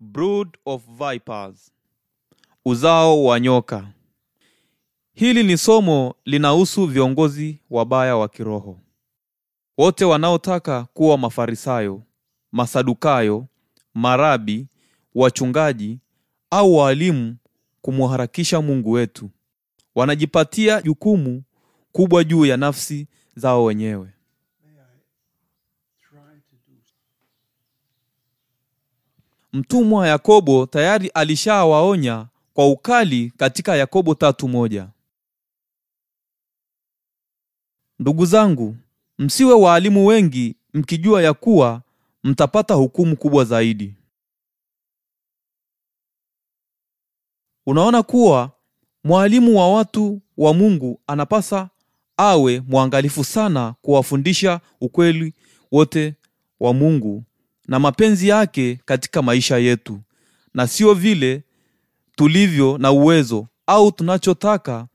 brood of vipers, uzao wa nyoka. Hili ni somo linahusu viongozi wabaya wa kiroho, wote wanaotaka kuwa Mafarisayo, Masadukayo, marabi, wachungaji au waalimu kumuharakisha Mungu wetu. Wanajipatia jukumu kubwa juu ya nafsi zao wenyewe. mtumwa Yakobo tayari alishawaonya kwa ukali katika Yakobo tatu moja. Ndugu zangu, msiwe waalimu wengi mkijua ya kuwa mtapata hukumu kubwa zaidi. Unaona kuwa mwalimu wa watu wa Mungu anapasa awe mwangalifu sana kuwafundisha ukweli wote wa Mungu na mapenzi yake katika maisha yetu, na sio vile tulivyo na uwezo au tunachotaka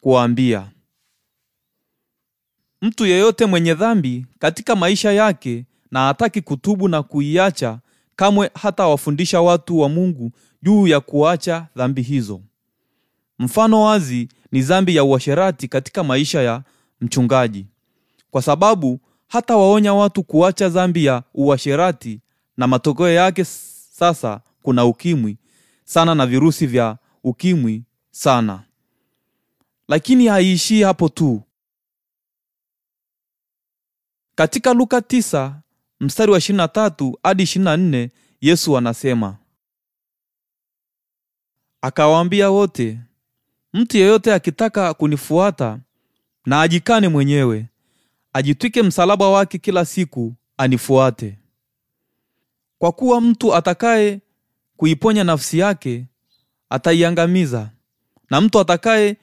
kuwaambia. Mtu yeyote mwenye dhambi katika maisha yake na hataki kutubu na kuiacha kamwe, hata wafundisha watu wa Mungu juu ya kuacha dhambi hizo. Mfano wazi ni dhambi ya uasherati katika maisha ya mchungaji, kwa sababu hata waonya watu kuacha dhambi ya uasherati, na matokeo yake sasa kuna ukimwi sana na virusi vya ukimwi sana. Lakini haiishii hapo tu. Katika Luka 9 mstari wa 23 hadi 24, Yesu anasema akawaambia wote, mtu yeyote akitaka kunifuata na ajikane mwenyewe ajitwike msalaba wake kila siku anifuate. Kwa kuwa mtu atakaye kuiponya nafsi yake ataiangamiza, na mtu atakaye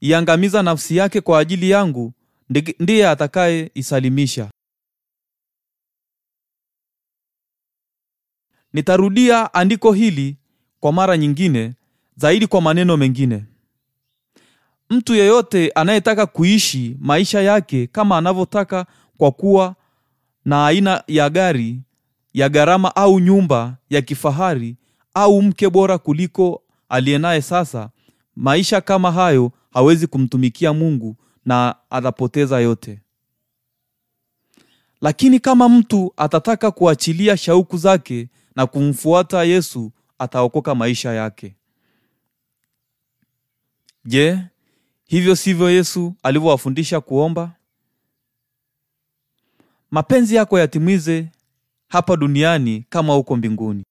iangamiza nafsi yake kwa ajili yangu ndiye atakaye isalimisha. Nitarudia andiko hili kwa mara nyingine zaidi kwa maneno mengine. Mtu yeyote anayetaka kuishi maisha yake kama anavyotaka kwa kuwa na aina ya gari ya gharama au nyumba ya kifahari au mke bora kuliko aliyenaye sasa, maisha kama hayo hawezi kumtumikia Mungu na atapoteza yote. Lakini kama mtu atataka kuachilia shauku zake na kumfuata Yesu, ataokoka maisha yake. Je, Hivyo sivyo Yesu alivyowafundisha kuomba? Mapenzi yako yatimize hapa duniani kama huko mbinguni.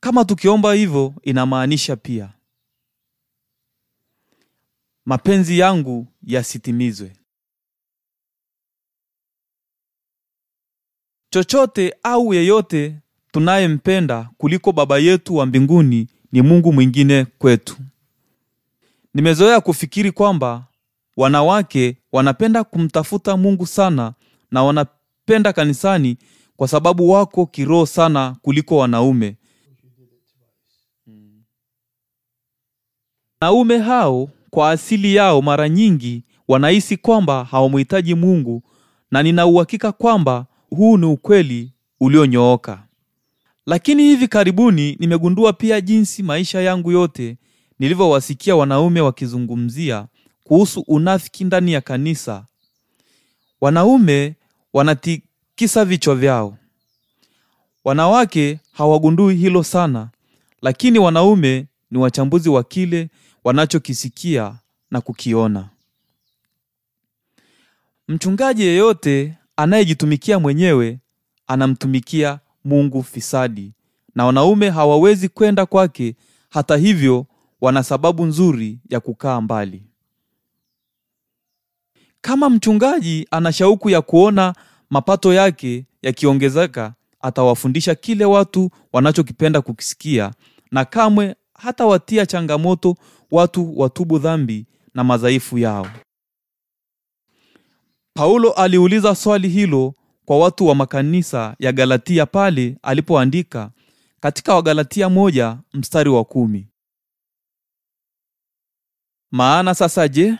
Kama tukiomba hivyo, inamaanisha pia mapenzi yangu yasitimizwe. Chochote au yeyote tunayempenda kuliko Baba yetu wa mbinguni ni Mungu mwingine kwetu. Nimezoea kufikiri kwamba wanawake wanapenda kumtafuta Mungu sana na wanapenda kanisani kwa sababu wako kiroho sana kuliko wanaume. Wanaume hao kwa asili yao mara nyingi wanahisi kwamba hawamhitaji Mungu na nina uhakika kwamba huu ni ukweli ulionyooka. Lakini hivi karibuni nimegundua pia jinsi maisha yangu yote nilivyowasikia wanaume wakizungumzia kuhusu unafiki ndani ya kanisa. Wanaume wanatikisa vichwa vyao. Wanawake hawagundui hilo sana, lakini wanaume ni wachambuzi wa kile wanachokisikia na kukiona. Mchungaji yeyote anayejitumikia mwenyewe anamtumikia Mungu fisadi, na wanaume hawawezi kwenda kwake. Hata hivyo, wana sababu nzuri ya kukaa mbali. Kama mchungaji ana shauku ya kuona mapato yake yakiongezeka, atawafundisha kile watu wanachokipenda kukisikia, na kamwe hatawatia changamoto watu watubu dhambi na madhaifu yao. Paulo aliuliza swali hilo kwa watu wa makanisa ya Galatia pale alipoandika katika Wagalatia moja mstari wa kumi. Maana sasa je,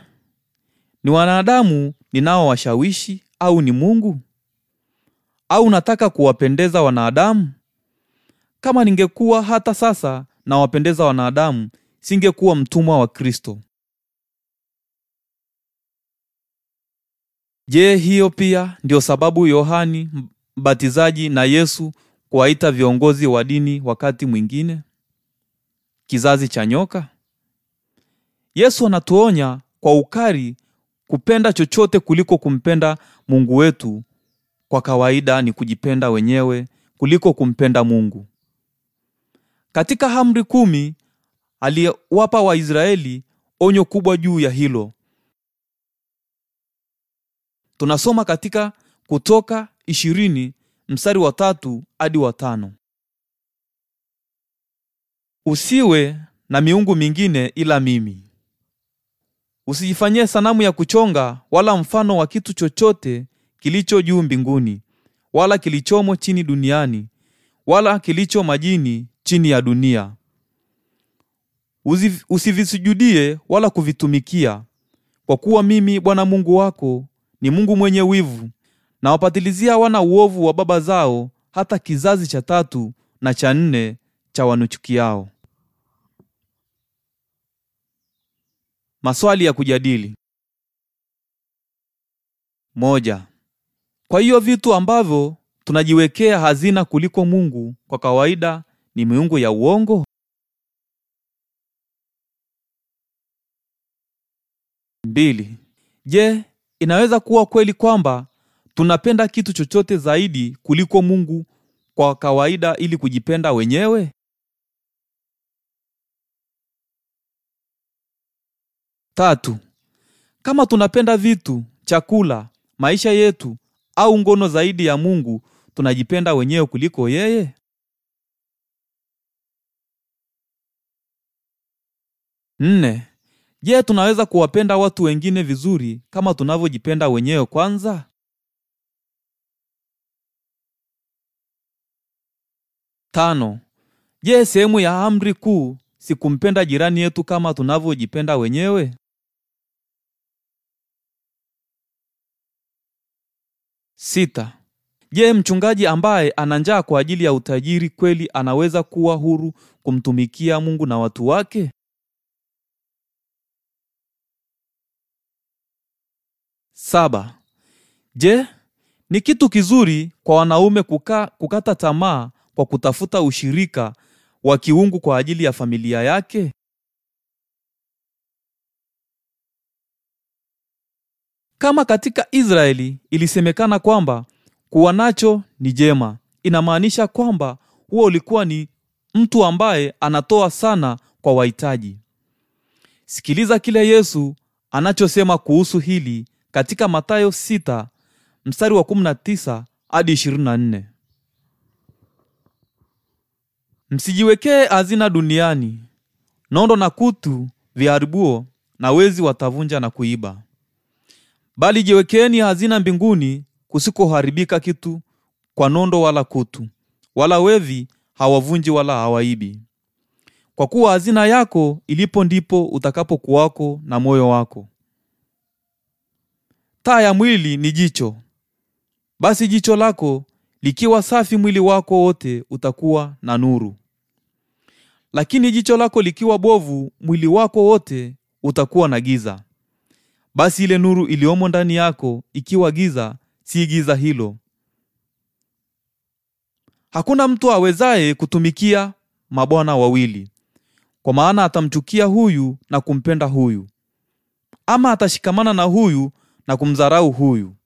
ni wanadamu ninao washawishi au ni Mungu? Au nataka kuwapendeza wanadamu? Kama ningekuwa hata sasa nawapendeza wanadamu, singekuwa mtumwa wa Kristo. Je, hiyo pia ndio sababu Yohani Mbatizaji na Yesu kuwaita viongozi wa dini wakati mwingine kizazi cha nyoka? Yesu anatuonya kwa ukali kupenda chochote kuliko kumpenda Mungu wetu. Kwa kawaida ni kujipenda wenyewe kuliko kumpenda Mungu. Katika amri kumi aliwapa Waisraeli onyo kubwa juu ya hilo. Tunasoma katika Kutoka ishirini mstari wa tatu hadi wa tano. Usiwe na miungu mingine ila mimi. Usijifanyie sanamu ya kuchonga wala mfano wa kitu chochote kilicho juu mbinguni wala kilichomo chini duniani wala kilicho majini chini ya dunia. Usivisujudie wala kuvitumikia, kwa kuwa mimi Bwana Mungu wako ni Mungu mwenye wivu, na wapatilizia wana uovu wa baba zao hata kizazi cha tatu na cha nne cha wanuchukiao. Maswali ya kujadili. Moja. Kwa hiyo vitu ambavyo tunajiwekea hazina kuliko Mungu kwa kawaida ni miungu ya uongo? Mbili. Je, Inaweza kuwa kweli kwamba tunapenda kitu chochote zaidi kuliko Mungu kwa kawaida ili kujipenda wenyewe? Tatu, kama tunapenda vitu, chakula, maisha yetu au ngono zaidi ya Mungu, tunajipenda wenyewe kuliko yeye? Nne, Je, tunaweza kuwapenda watu wengine vizuri kama tunavyojipenda wenyewe kwanza? Tano. Je, sehemu ya amri kuu si kumpenda jirani yetu kama tunavyojipenda wenyewe? Sita. Je, mchungaji ambaye ana njaa kwa ajili ya utajiri kweli anaweza kuwa huru kumtumikia Mungu na watu wake? Saba. Je, ni kitu kizuri kwa wanaume kuka, kukata tamaa kwa kutafuta ushirika wa kiungu kwa ajili ya familia yake? Kama katika Israeli ilisemekana kwamba kuwa nacho ni jema, inamaanisha kwamba huo ulikuwa ni mtu ambaye anatoa sana kwa wahitaji. Sikiliza kile Yesu anachosema kuhusu hili katika Mathayo 6 mstari wa 19 hadi 24. Msijiwekee hazina duniani, nondo na kutu viharibuo, na wezi watavunja na kuiba, bali jiwekeeni hazina mbinguni, kusikoharibika kitu kwa nondo wala kutu, wala wevi hawavunji wala hawaibi. Kwa kuwa hazina yako ilipo, ndipo utakapokuwako na moyo wako. Taa ya mwili ni jicho. Basi jicho lako likiwa safi, mwili wako wote utakuwa na nuru, lakini jicho lako likiwa bovu, mwili wako wote utakuwa na giza. Basi ile nuru iliyomo ndani yako ikiwa giza, si giza hilo. Hakuna mtu awezaye kutumikia mabwana wawili, kwa maana atamchukia huyu na kumpenda huyu, ama atashikamana na huyu na kumdharau huyu.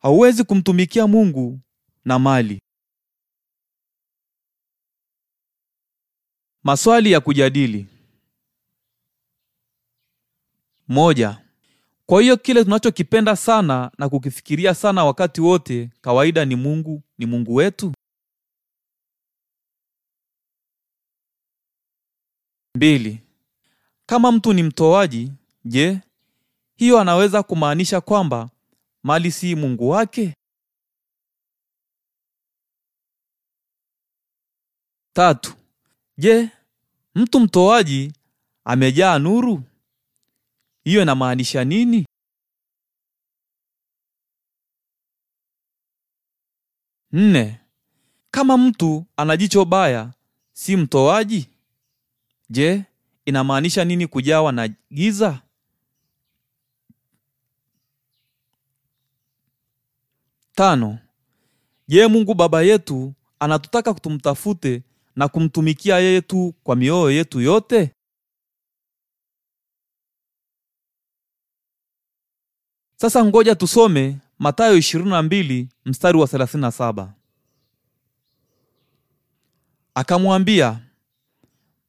Hauwezi kumtumikia Mungu na mali. Maswali ya kujadili. Moja. Kwa hiyo kile tunachokipenda sana na kukifikiria sana wakati wote kawaida ni Mungu, ni Mungu wetu? Mbili. Kama mtu ni mtoaji, je, hiyo anaweza kumaanisha kwamba mali si Mungu wake? Tatu, je, mtu mtoaji amejaa nuru? Hiyo inamaanisha nini? Nne, kama mtu ana jicho baya si mtoaji? Je, inamaanisha nini kujawa na giza? Tano. Je, Mungu Baba yetu anatutaka tumtafute na kumtumikia yeye tu kwa mioyo yetu yote? Sasa ngoja tusome Mathayo 22 mstari wa 37. Akamwambia,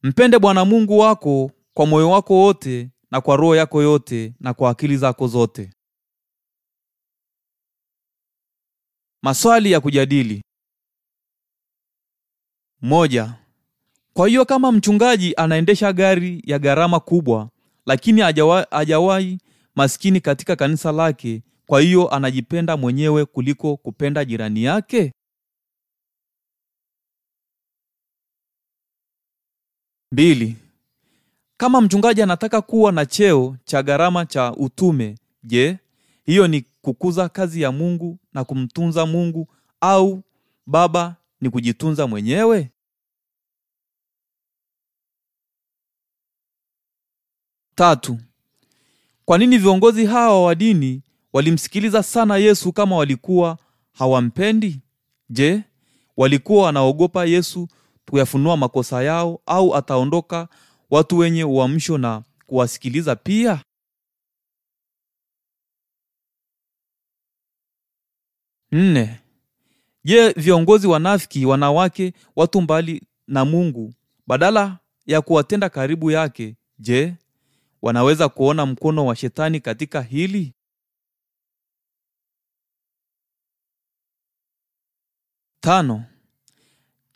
mpende Bwana Mungu wako kwa moyo wako wote na kwa roho yako yote na kwa akili zako zote. Maswali ya kujadili. Moja. Kwa hiyo kama mchungaji anaendesha gari ya gharama kubwa lakini hajawahi maskini katika kanisa lake, kwa hiyo anajipenda mwenyewe kuliko kupenda jirani yake? Mbili. Kama mchungaji anataka kuwa na cheo cha gharama cha utume, je, hiyo ni kukuza kazi ya Mungu na kumtunza Mungu au baba ni kujitunza mwenyewe? Tatu, kwa nini viongozi hawa wa dini walimsikiliza sana Yesu kama walikuwa hawampendi? Je, walikuwa wanaogopa Yesu kuyafunua makosa yao au ataondoka watu wenye uamsho na kuwasikiliza pia? Nne. Je, viongozi wanafiki wanawake watu mbali na Mungu badala ya kuwatenda karibu yake, je, wanaweza kuona mkono wa shetani katika hili? Tano.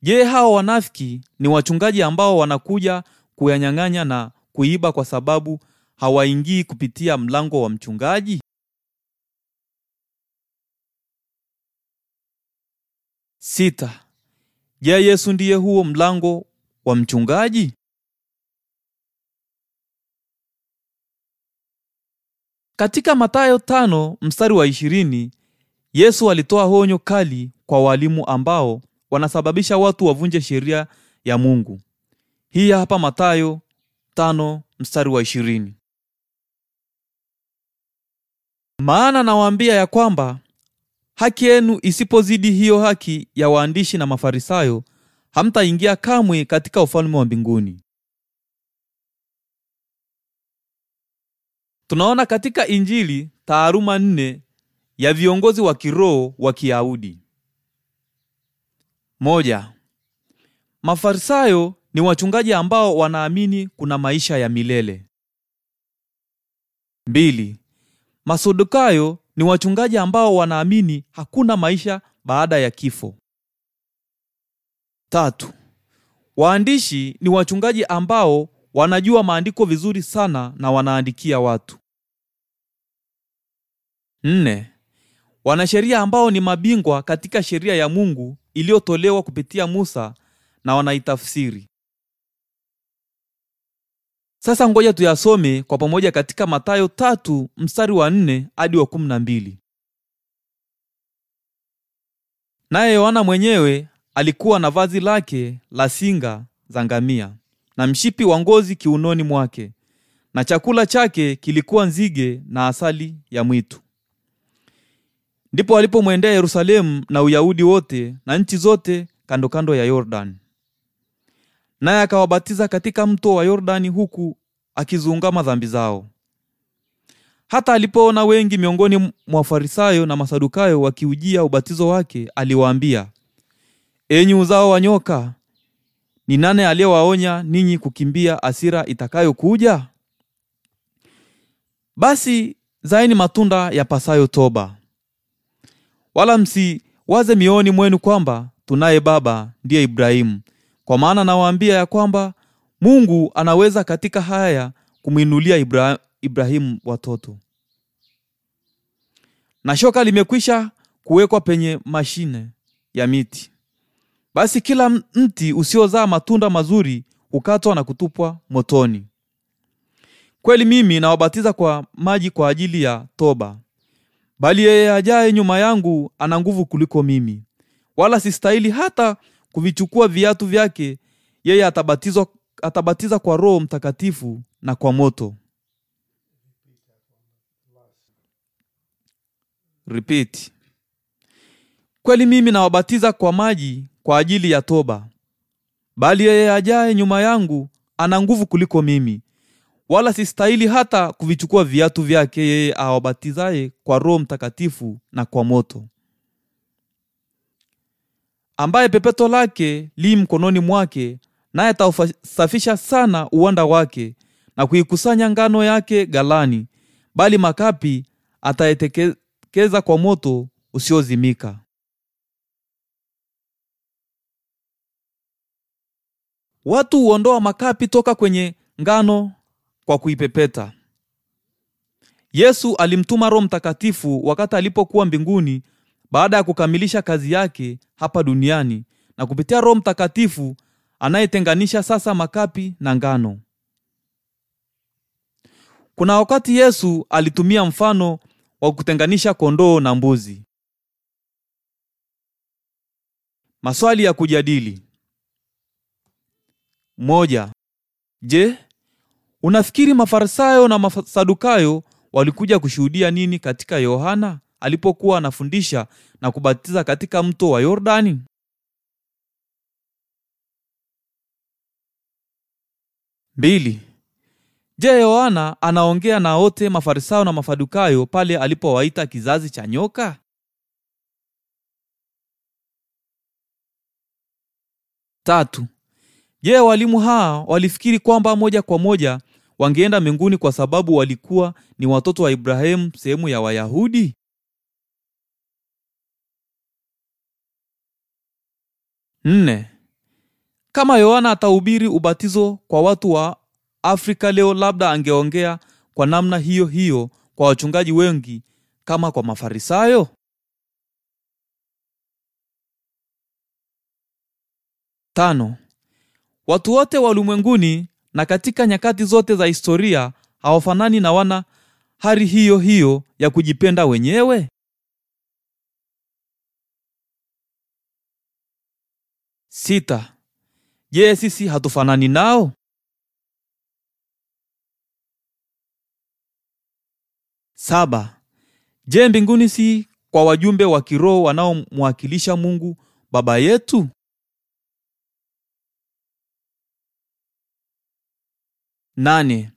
Je, hawa wanafiki ni wachungaji ambao wanakuja kuyanyang'anya na kuiba kwa sababu hawaingii kupitia mlango wa mchungaji? Sita. Je, Yesu ndiye huo mlango wa mchungaji? Katika matayo tano mstari wa ishirini, Yesu alitoa honyo kali kwa walimu ambao wanasababisha watu wavunje sheria ya Mungu. Hii hapa matayo tano mstari wa ishirini: maana nawaambia ya kwamba haki yenu isipozidi hiyo haki ya waandishi na Mafarisayo, hamtaingia kamwe katika ufalme wa mbinguni. Tunaona katika Injili taaruma nne ya viongozi wa kiroho wa Kiyahudi. Moja, Mafarisayo ni wachungaji ambao wanaamini kuna maisha ya milele. Mbili, Masadukayo ni wachungaji ambao wanaamini hakuna maisha baada ya kifo. Tatu, waandishi ni wachungaji ambao wanajua maandiko vizuri sana na wanaandikia watu. Nne, wanasheria ambao ni mabingwa katika sheria ya Mungu iliyotolewa kupitia Musa na wanaitafsiri. Sasa ngoja tuyasome kwa pamoja katika matayo tatu mstari wa nne hadi wa kumi na mbili. Naye Yohana mwenyewe alikuwa na vazi lake la singa za ngamia na mshipi wa ngozi kiunoni mwake, na chakula chake kilikuwa nzige na asali ya mwitu. Ndipo alipomwendea Yerusalemu na Uyahudi wote na nchi zote kandokando kando ya Yordani naye akawabatiza katika mto wa Yordani huku akizungama dhambi zao. Hata alipoona wengi miongoni mwa Farisayo na Masadukayo wakiujia ubatizo wake, aliwaambia, enyi uzao wa nyoka, ni nane aliyewaonya ninyi kukimbia asira itakayokuja? Basi zaini matunda yapasayo toba, wala msiwaze mioni mwenu kwamba tunaye baba ndiye Ibrahimu kwa maana nawaambia ya kwamba Mungu anaweza katika haya kumwinulia Ibra Ibrahimu watoto. Na shoka limekwisha kuwekwa penye mashine ya miti. Basi kila mti usiozaa matunda mazuri hukatwa na kutupwa motoni. Kweli mimi nawabatiza kwa maji kwa ajili ya toba, bali yeye ajaye nyuma yangu ana nguvu kuliko mimi, wala sistahili hata kuvichukua viatu vyake, yeye atabatizwa, atabatiza kwa Roho Mtakatifu na kwa moto. Repeat. Kweli mimi nawabatiza kwa maji kwa ajili ya toba, bali yeye ajaye nyuma yangu ana nguvu kuliko mimi, wala sistahili hata kuvichukua viatu vyake. Yeye awabatizaye kwa Roho Mtakatifu na kwa moto ambaye pepeto lake li mkononi mwake, naye atausafisha sana uwanda wake na kuikusanya ngano yake galani bali makapi atayeteketeza kwa moto usiozimika. Watu huondoa makapi toka kwenye ngano kwa kuipepeta. Yesu alimtuma Roho Mtakatifu wakati alipokuwa mbinguni baada ya kukamilisha kazi yake hapa duniani na kupitia Roho Mtakatifu anayetenganisha sasa makapi na ngano. Kuna wakati Yesu alitumia mfano wa kutenganisha kondoo na mbuzi. Maswali ya kujadili. Moja. Je, unafikiri Mafarisayo na Masadukayo walikuja kushuhudia nini katika Yohana? alipokuwa anafundisha na kubatiza katika mto wa Yordani? Mbili. Je, Yohana anaongea na wote Mafarisayo na Mafadukayo pale alipowaita kizazi cha nyoka? Tatu. Je, walimu hawa walifikiri kwamba moja kwa moja wangeenda mbinguni kwa sababu walikuwa ni watoto wa Ibrahimu sehemu ya Wayahudi? Nne, kama Yohana atahubiri ubatizo kwa watu wa Afrika leo, labda angeongea kwa namna hiyo hiyo kwa wachungaji wengi kama kwa Mafarisayo. Tano, watu wote wa ulimwenguni na katika nyakati zote za historia hawafanani na wana hari hiyo hiyo ya kujipenda wenyewe. Sita. Je, sisi hatufanani nao? Saba. Je, mbinguni si kwa wajumbe wa kiroho wanaomwakilisha Mungu Baba yetu? Nane.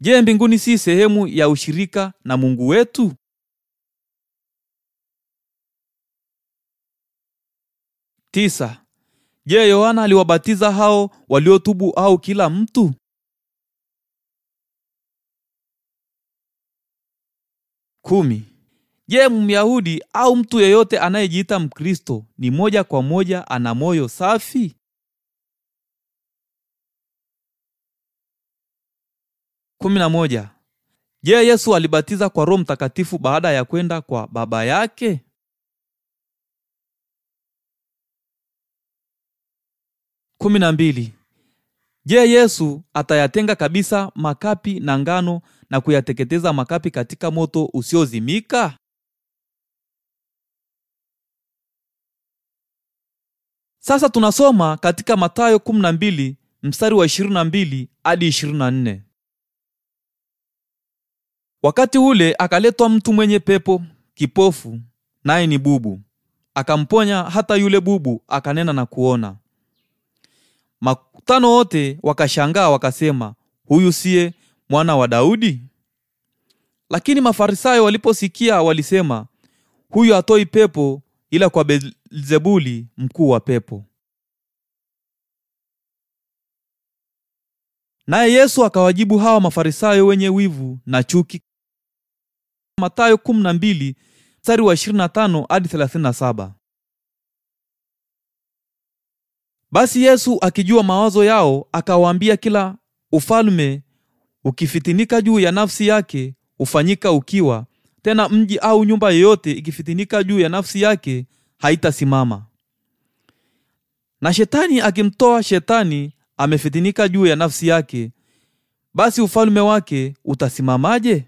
Je, mbinguni si sehemu ya ushirika na Mungu wetu? Tisa. Je, Yohana aliwabatiza hao waliotubu au kila mtu? Kumi. Je, Myahudi au mtu yeyote anayejiita Mkristo ni moja kwa moja ana moyo safi? Kumi na moja. Je, Yesu alibatiza kwa Roho Mtakatifu baada ya kwenda kwa Baba yake? Je, Yesu atayatenga kabisa makapi na ngano na kuyateketeza makapi katika moto usiozimika? Sasa tunasoma katika matayo 12 mstari wa 22 hadi 24. Wakati ule akaletwa mtu mwenye pepo kipofu, naye ni bubu. Akamponya hata yule bubu, akanena na kuona. Makutano wote wakashangaa wakasema, huyu siye mwana wa Daudi? Lakini Mafarisayo waliposikia walisema, huyu hatoi pepo ila kwa belzebuli mkuu wa pepo. Naye Yesu akawajibu hawa Mafarisayo wenye wivu na chuki. Mathayo 12 mstari wa 25 hadi 37. Basi Yesu akijua mawazo yao, akawaambia, kila ufalme ukifitinika juu ya nafsi yake hufanyika ukiwa; tena mji au nyumba yoyote ikifitinika juu ya nafsi yake haitasimama. Na shetani akimtoa shetani, amefitinika juu ya nafsi yake, basi ufalme wake utasimamaje?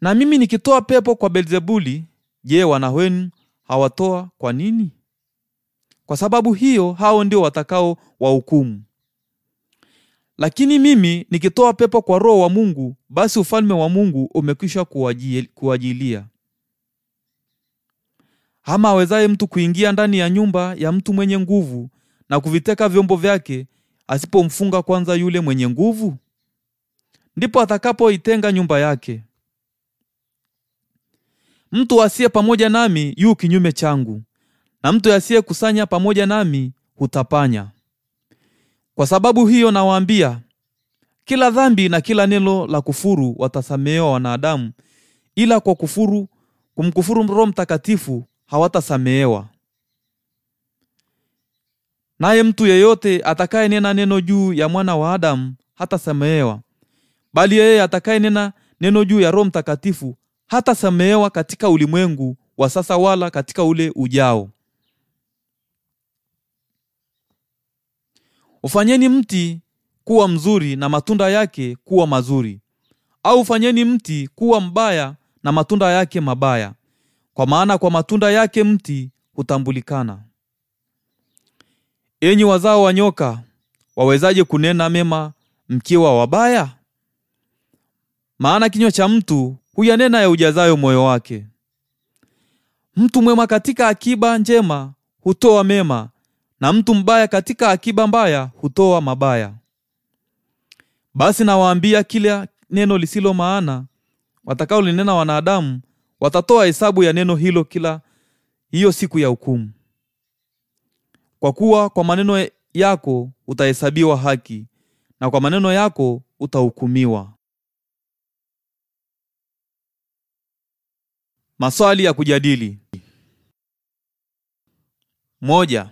Na mimi nikitoa pepo kwa belzebuli je, wana wenu hawatoa kwa nini? Kwa sababu hiyo hao ndio watakao wahukumu. Lakini mimi nikitoa pepo kwa Roho wa Mungu, basi ufalme wa Mungu umekwisha kuwajilia. Ama awezaye mtu kuingia ndani ya nyumba ya mtu mwenye nguvu na kuviteka vyombo vyake, asipomfunga kwanza yule mwenye nguvu? Ndipo atakapoitenga nyumba yake. Mtu asiye pamoja nami yu kinyume changu, na mtu asiyekusanya pamoja nami hutapanya. Kwa sababu hiyo nawaambia, kila dhambi na kila neno la kufuru watasamehewa wanadamu, ila kwa kufuru kumkufuru Roho Mtakatifu hawatasamehewa. Naye mtu yeyote atakayenena neno juu ya mwana wa Adamu hatasamehewa, bali yeye atakayenena neno juu ya Roho Mtakatifu hatasamehewa katika ulimwengu wa sasa wala katika ule ujao. Ufanyeni mti kuwa mzuri na matunda yake kuwa mazuri, au ufanyeni mti kuwa mbaya na matunda yake mabaya, kwa maana kwa matunda yake mti hutambulikana. Enyi wazao wa nyoka, wawezaje kunena mema mkiwa wabaya? Maana kinywa cha mtu huyanena ya ujazayo moyo wake. Mtu mwema katika akiba njema hutoa mema, na mtu mbaya katika akiba mbaya hutoa mabaya. Basi nawaambia, kila neno lisilo maana watakaolinena wanadamu, watatoa hesabu ya neno hilo kila hiyo siku ya hukumu. Kwa kuwa kwa maneno yako utahesabiwa haki na kwa maneno yako utahukumiwa. Maswali ya kujadili. Moja.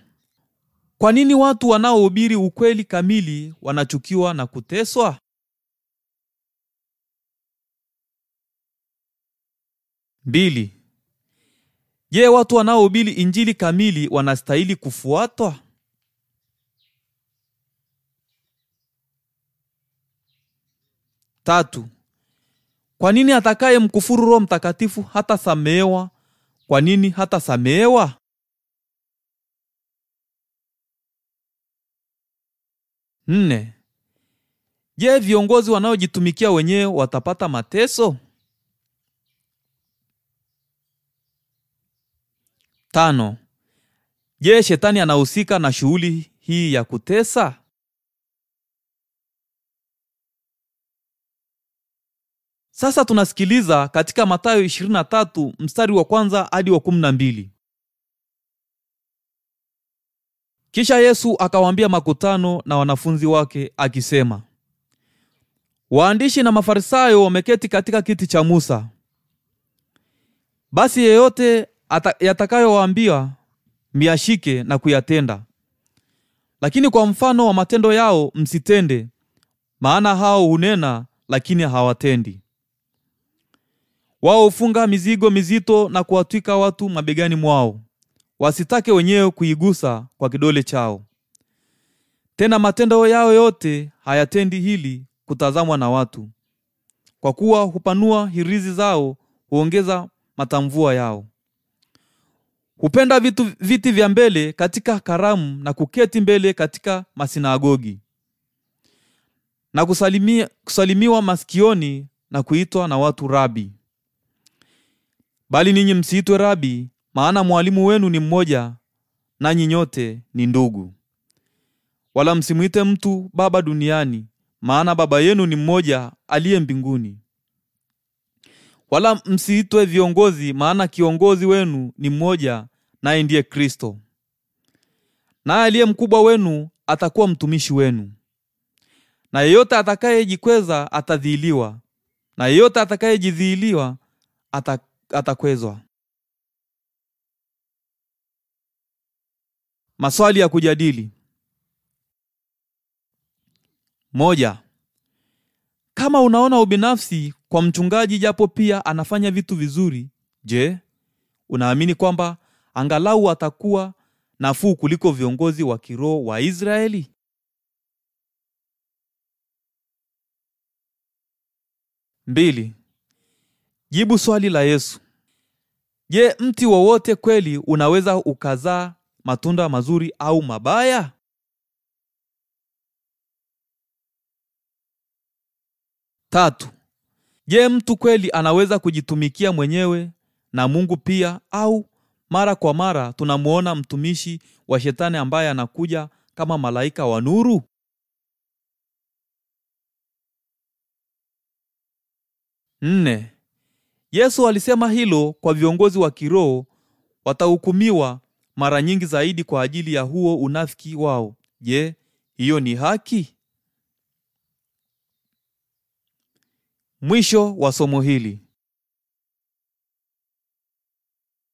Kwa nini watu wanaohubiri ukweli kamili wanachukiwa na kuteswa? Bili. Je, watu wanaohubiri injili kamili wanastahili kufuatwa? Tatu. Kwa nini atakaye mkufuru Roho Mtakatifu hatasamehewa? Kwa nini hatasamehewa? Nne. Je, viongozi wanaojitumikia wenyewe watapata mateso? Tano. Je, shetani anahusika na shughuli hii ya kutesa? Sasa tunasikiliza katika Mathayo 23 mstari wa kwanza hadi wa 12. Kisha Yesu akawaambia makutano na wanafunzi wake akisema, waandishi na Mafarisayo wameketi katika kiti cha Musa. Basi yeyote yatakayowaambia myashike na kuyatenda, lakini kwa mfano wa matendo yao msitende, maana hao hunena lakini hawatendi. Wao hufunga mizigo mizito na kuwatwika watu mabegani mwao wasitake wenyewe kuigusa kwa kidole chao. Tena matendo yao yote hayatendi hili kutazamwa na watu, kwa kuwa hupanua hirizi zao, huongeza matamvua yao. Hupenda vitu viti vya mbele katika karamu na kuketi mbele katika masinagogi na kusalimia, kusalimiwa masikioni na kuitwa na watu rabi. Bali ninyi msiitwe rabi, maana mwalimu wenu ni mmoja, nanyi nyote ni ndugu. Wala msimwite mtu baba duniani, maana baba yenu ni mmoja aliye mbinguni. Wala msiitwe viongozi, maana kiongozi wenu ni mmoja, naye ndiye Kristo. Naye aliye mkubwa wenu atakuwa mtumishi wenu. Na yeyote atakayejikweza atadhiiliwa na yeyote atakayejidhiiliwa atakwezwa. Maswali ya kujadili. Moja. Kama unaona ubinafsi kwa mchungaji japo pia anafanya vitu vizuri, je, unaamini kwamba angalau atakuwa nafuu kuliko viongozi wa kiroho wa Israeli? Mbili. Jibu swali la Yesu. Je, mti wowote kweli unaweza ukazaa matunda mazuri au mabaya? Tatu, je, mtu kweli anaweza kujitumikia mwenyewe na Mungu pia au mara kwa mara tunamuona mtumishi wa shetani ambaye anakuja kama malaika wa nuru? Nne, Yesu alisema hilo kwa viongozi wa kiroho watahukumiwa mara nyingi zaidi kwa ajili ya huo unafiki wao. Je, hiyo ni haki? Mwisho wa somo hili.